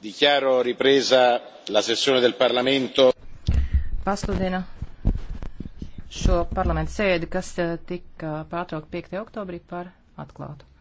dichiaro ripresa la sessione del parlamento pasludinu šo parlamenta sēdi kas eh, tika pārtraukta 5. oktobrī par atklātu.